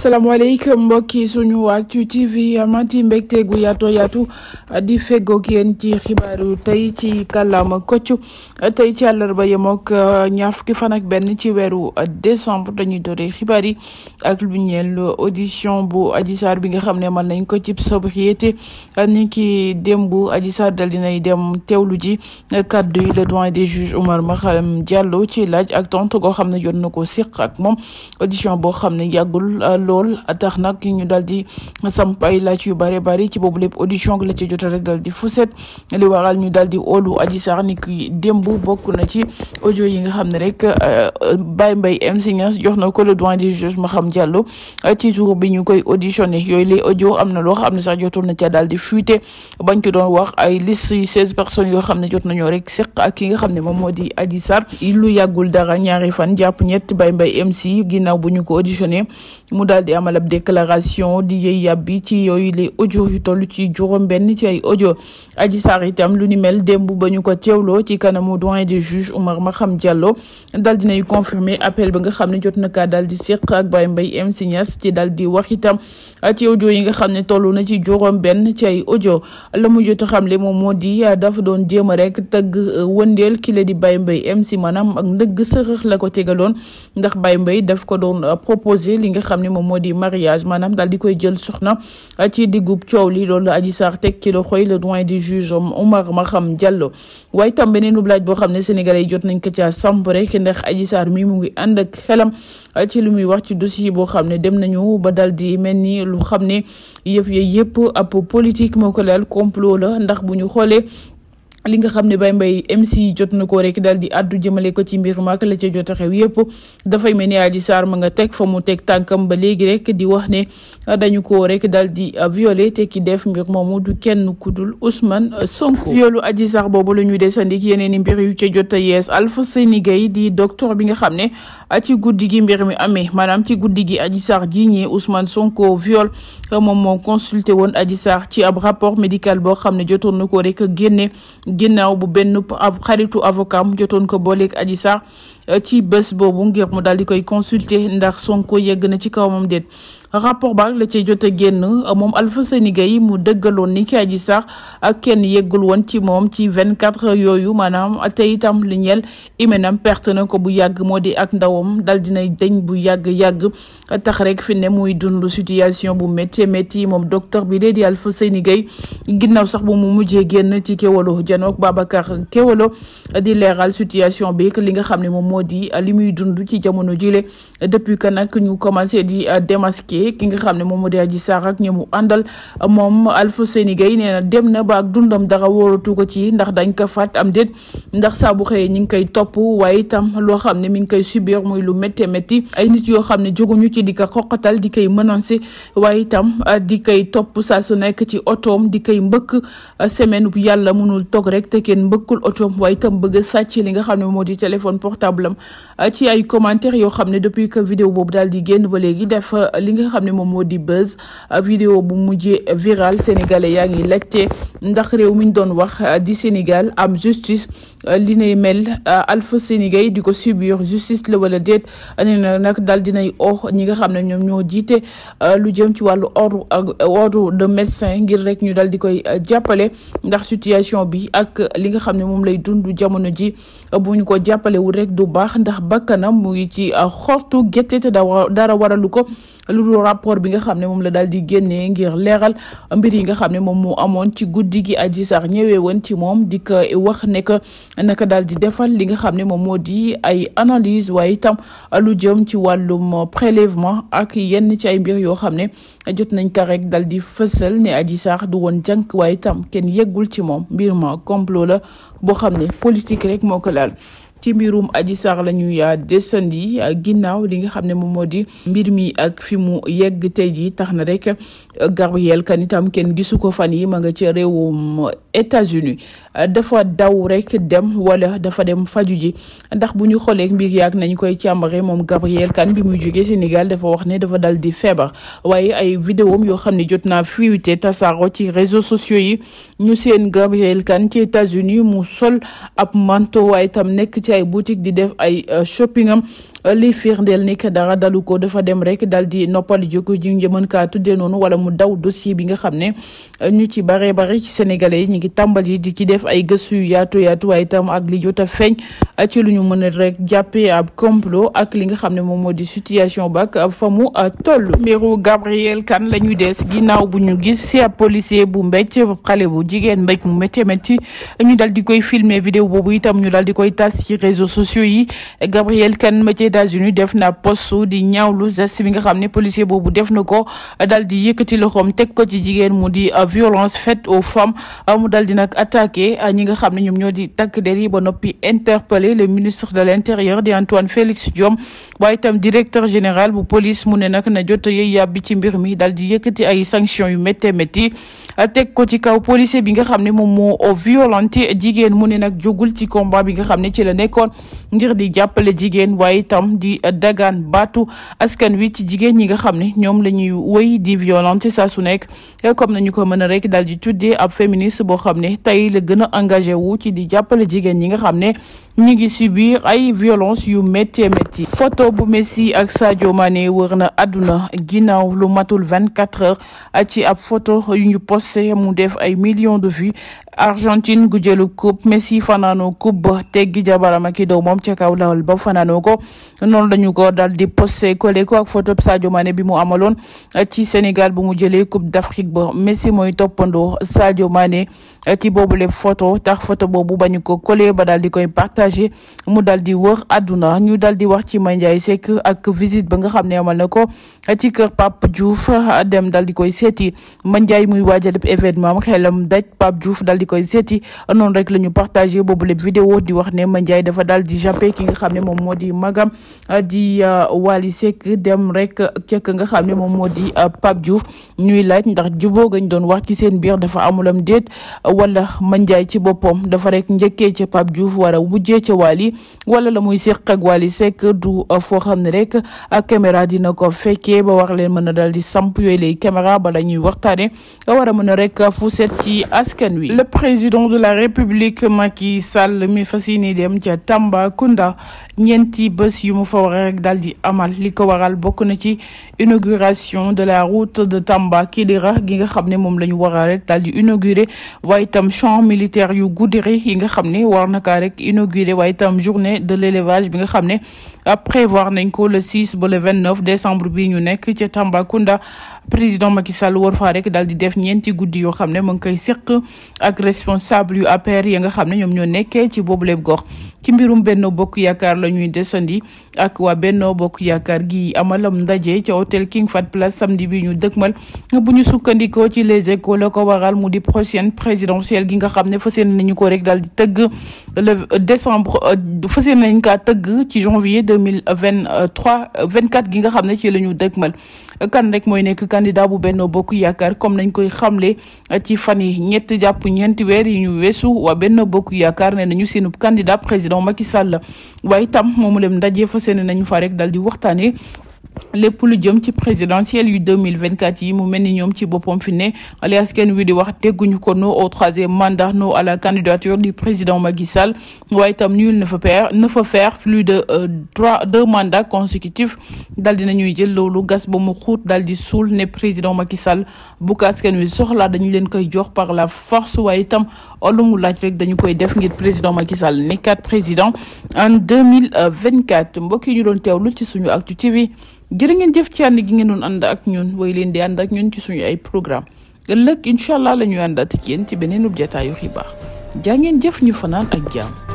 salaamaaleykum mbokki suñu Actu TV amati mbégte gu yaatu yaatu di feggoog yéen ci xibaaru tey ci kàllaama kocc tey ci àllarba yem ak ñaar fukki fan ak benn ci weeru décembre dañuy doore xibaar yi ak lu ñeel audition bu Adji Sarr bi nga xam ne mën nañ ko ci sobriété ni ki démb Adji Sarr dal dinay dem teewlu ji kàddu yi le doyen des juges Oumar Maxam Diallo ci laaj ak tontu goo xam ne jot na ko siq ak moom audition boo xam ne yàggul. lool tax na nag ñu daal di samp ay laaj yu bare bari ci boobu lépp audition la ci jota rek daal di fuset li waral ñu daal di óolu aji sax ni ki démb bokk na ci audio yi nga xam ne rek euh, Baye Mbaye MC Niass jox na ko le doyen des juges Maham Diallo ci jour bi ñu koy auditionné yooyu les audio am na loo xam ne sax jotoon na daal di fuité bañ ci doon wax liste yu seize yoo xam ne jot nañoo rek seq ak ki nga xam ne moom moo di Adji Sarr lu yàggul dara ñaari fan jàpp ñett Baye Mbaye MC ginnaaw bu ñu ko auditionné mu daal daal di amal ab déclaration di yëy yàbbi ci yooyu les audio yu toll ci juróom benn ci ay audio Adji Sarr itam lu ni mel démb ba ñu ko teewloo ci de doyen des ma xam Maham dal daal dinay confirmer appel ba nga xam ne jot na kaa daal di séq ak Baye Mbaye MC Niass ci dal di wax itam ci audio yi nga xam ne toll na ci juróom benn ci ay audio la mu jot a xamle moom moo di dafa doon jéem a rek tëgg euh, wëndeel ki la di Baye Mbaye MC maanaam ak ndëgg sërëx la ko tegaloon ndax moo di mariage maanaam daal di koy jël soxna ci diggub coow li loolu la Adji Sarr teg ci loxoy le doyen du juge Oumar Maham Diallo waaye tam beneen bu laaj boo xam ne sénégalais yi jot nañ ko caa samp rek ndax Adji Sarr mi mu ngi ànd ak xelam ci lu muy wax ci dossier boo xam ne dem nañu ba dal di mel ni lu xam ne yëf yooyu yëpp ab politique moo ko complot la ndax bu ñu li nga xam ne Baye Mbaye MC jot na ko rek daal di addu jëmale ko ci mbir maak la ca jot a xew yëpp dafay mel ni aji Sarr ma nga teg fa mu teg tànkam ba léegi rek di wax ne dañu ko rek daal di violé te ki def mbir moomu du kenn ku dul Ousmane Sonko. violu Adji Sarr boobu la ñuy desandi yeneen i yu ca jot a yees Alfousseyni Gaye di docteur bi nga xam ne ci guddi gi mbir mi amee maanaam ci guddi gi Adji Sarr ji ñee Ousmane Sonko viol moom moo consulté woon Adji Sarr ci ab rapport médical boo xam ne jotoon na ko rek génne. ginnaaw bu benn ab xaritu avocat mu jotoon ko booleeg aji Sarr ci bés boobu ngir mu daal di koy consulter ndax Sonko yegg na ci kawam déet rapport ba la cay jot a génn moom Alphousseyni Gaye mu dëggaloon ni ki Adji sax ak kenn yeggul woon ci moom ci vingt quatre heures yooyu maanaam tey itam li ñeel imenam perte na ko bu yàgg moo di ak ndawam dal dinay deñ bu yàgg-yàgg tax rek fi ne muy dund situation bu métti métti moom docteur bi lee di Alphousseyni Gaye ginnaaw sax bu mu mujjee génn ci Kéwoulo janook Babacar Kéwoulo di leeral situation bi li nga xam ne moom moo di li muy dund ci jamono jile depuis que nag ñu commencé di démasquer yee ki nga xam ne moom moo di Adji Sarr ak ñamu àndal moom Alfousseyni Gaye nee na dem na ba ak dundam dara wóoratu ko ci ndax dañ ko faat am déet ndax saa bu xëyee ñi ngi koy topp waaye itam loo xam ne mi ngi koy subir muy lu métti métti ay nit yoo xam ne jóguñu ci di ko xoqatal di koy menacer waaye itam ah, di koy topp saa su nekk ci otoom di koy mbëkk ah, semaine bu yàlla mënul toog rek te kenn mbëkkul otoom waaye itam bëgg sàcc li nga xam ne moo di téléphone portable am ah, ci ay commentaire yoo xam ne depuis que vidéo boobu daal di génn ba léegi def li nga nga xam ne moom moo di buzz vidéo bu mujjee viral sénégalais yaa ngi laajte ndax réew mi ñu doon wax di Sénégal am justice li nay mel euh, Alphousseyni Gaye di ko subir justice la wala déet nee na nag daal dinay o ñi nga xam ne ñoom ñoo jiite euh, lu jëm ci wàllu ordre ordre de médecin ngir rek ñu dal di koy euh, jàppale ndax situation bi ak li nga xam ne moom lay dund jamono ji bu ñu ko jàppalewul rek du baax ndax bakkanam mu ngi ci xortu gerte te dara waralu ko lu dul rapport bi nga xam ne moom la daal di génnee ngir leeral mbir yi nga xam ne moom mu amoon ci guddi gi Adji sax ñëwee woon ci moom di ko wax ne que naka daal di defal li nga xam ne moom moo di ay analyse waaye itam lu jëm ci wàllum prélèvement ak yenn ci ay mbir yoo xam ne jot nañ ko rek dal di fësal ne Adji Sarr du woon jànk waaye itam kenn yeggul ci moom mbir ma complot la boo xam ne politique rek moo ko laal ci mbirum Adji Sarr la ñuy ah, desandi ah, ginnaaw li nga xam ne moom moo di mbir mi ak fi mu yegg tey jii tax na rek ah, Gabrielle Kane itam kenn gisu ko fan yi ma nga ci réewum États-Unis dafa daw rek dem wala dafa dem faju ji ndax bu ñu xoolee mbir yaag nañ koy càmbare moom Gabrielle kan bi muy jógee Sénégal dafa wax ne dafa dal di feebar waaye ay vidéom yoo xam ne jot naa ta tasaaro ci réseaux sociaux yi ñu seen Gabrielle Kane ci États-Unis mu sol ab manteau waaye tam nekk ci ay boutique di def ay euh, shopping am euh, li firndeel ni dara dalu ko dafa dem rek dal di noppali jikko ji njëmën kaa tuddee noonu wala mu daw dossier bi nga xam ne euh, ñu ci baree bari ci sénégalais yi ñu ngi tàmbali di ci def ay gëstu yu yaatu yaatu waaye itam ak li jot a ci lu ñu mën a rek li nga xam ne moom moo di situation bak famu mu toll. mbiru Gabriel Kane la des ginnaaw bu ñu gis si ab policier bu mbécc xale bu jigéen mbécc mu métti métti ñu dal koy filmer vidéo boobu itam ñu dal réseaux sociaux yi Gabriel Kane ma ci États-Unis def na post di ñaawlu geste bi nga xam ne policier boobu def na ko dal di yëkkati loxoom teg ko ci jigéen mu di violence faite aux femmes mu dal di nag attaqué ñi nga xam ne ñoom ñoo di takk der ba noppi interpellé le ministre de l'intérieur di Antoine Félix Diome waaye tam directeur général bu police mu ne nag na jot a yëy yàbbi ci mbir mi dal di yëkkati ay sanctions yu méttee métti teg ko ci kaw policier bi nga xam ne moom moo violenté jigéen mu ne nag jógul ci combat bi nga xam ne ci la nekk kon ngir di jàppale jigéen waaye itam di dagaan baatu askan wi ci jigéen ñi nga xam ne ñoom la ñuy wéy di violente saa su nekk comme nañu ko mën a rek daal di tuddee ab féministe boo xam ne tey la gën a engagé wu ci di jàppale jigéen ñi nga xam ne ñu ngi subir ay violence yu métti métti photo bu Messi ak Sadio Mané wër na àdduna ginnaaw lu matul vingt quatre heures ci ab photo yu ñu posté mu def ay millions de vues Argentine gu jëlu coupe Messi fanaanoo coupe ba teggi jabaram ak i doomam ca kaw lawal ba fanaanoo ko noonu dañu ko dal di posté collé ko ak photo Sadio maane bi mu amaloon ci Sénégal bu mu jëlee coupe d'Afrique ba Messi mooy toppandoo Sadio Mané ci boobule photo tax photo boobu bañu ko collé ba daal di koy passager mu dal di wër àdduna ñu dal di wax ci May Ndiaye Seck ak visite ba nga xam ne amal ne ko ci kër Pape Diouf dem dal di koy seeti manjaay Ndiaye muy waajal événement xelam daj Pape Diouf dal di koy seeti noonu rek la ñu partagé boobu lépp vidéo di wax ne May dafa dal di jàppe ki nga xam ne moom moo di magam di uh, Wally Seck dem rek cek nga xam ne moom moo di uh, Pape Diouf ñuy laaj ndax juboo gañ doon wax ci seen biir dafa amulam déet wala May ci boppam dafa rek njëkkee ci Pape Diouf war a jëmee ca Wally wala la muy séq ak Wally Seck du uh, foo xam ne rek uh, caméra dina ko fekkee ba war leen mën dal di samp yooyu lay caméra ba ñuy waxtaane war a mën a rek uh, fu set ci askan wi le président de la république Macky Sall mi fas yéene dem ca Tambacounda ñeenti bés yu mu fa war rek dal di amal li ko waral bokk na ci inauguration de la route de Tamba Kidira gi nga xam ne moom la ñu rek dal di inauguré waaye itam champ militaire yu Goudiri yi nga inauguré waaye itam journée de l'élevage bi nga xam ne prévoir nañ ko le 6 ba le 29 décembre bi ñu nekk ca Tambacounda président Macky Sall war rek daal di def ñeenti guddi yoo xam ne mu ngi koy seq ak responsable yu APR yi nga xam ne ñoom ñoo nekkee ci le gox ci mbirum Benno Bokk Yaakaar la ñuy desandi ak wa Benno Bokk Yaakaar gi amalam ndaje ca hôtel King Fahd Place samedi bi ñu dëgmal bu ñu sukkandikoo ci les écoles la ko waral mu di prochaine présidentielle gi nga xam ne fas yéene ko rek daal di tëgg le décembre euh, fas yéene nañ kaa tëgg ci janvier deux mille vingt trois euh, vingt quatre gi nga xam ne ci la ñu dëgmal kan rek mooy nekk candidat bu benn Bokk Yaakaar comme nañ koy xamle euh, ci fan yi ñett jàpp ñeenti weer yi ñu weesu waa Benno Bokk Yaakaar ne nañu seenub candidat président Macky Sall waaye itam moomu leen ndaje fas yéene nañu fa rek dal di waxtaanee. lépp lu jëm ci présidentielle yu mille vingt 2024 yi mu mel ni ñoom ci boppam fi ne li askan wi di wax dégguñu ko no au troisième mandat no à la candidature du président Macky Sall waaye itam nu ne fa faire ne fa faire plus de euh, trois deux mandats consécutifs dal di nañuy jël loolu gas ba mu xuut dal di suul ne président Macky Sall bu ko wi soxla dañu leen koy jox par la force waaye itam lu mu laaj rek dañu koy def ngir président Macky Sall nekkaat président en 2024 mbokk yi ñu doon teewlu ci suñu Actu TV jërë ngeen jëf ci ànd gi ngeen doon ànd ak ñun way leen di ànd ak ñun ci suñu ay programme ëllëg incha allah la ñuy àndaat ak yéen ci beneen ub jataayu xibaar jaa ngeen jëf ñu fanaan ak jàmm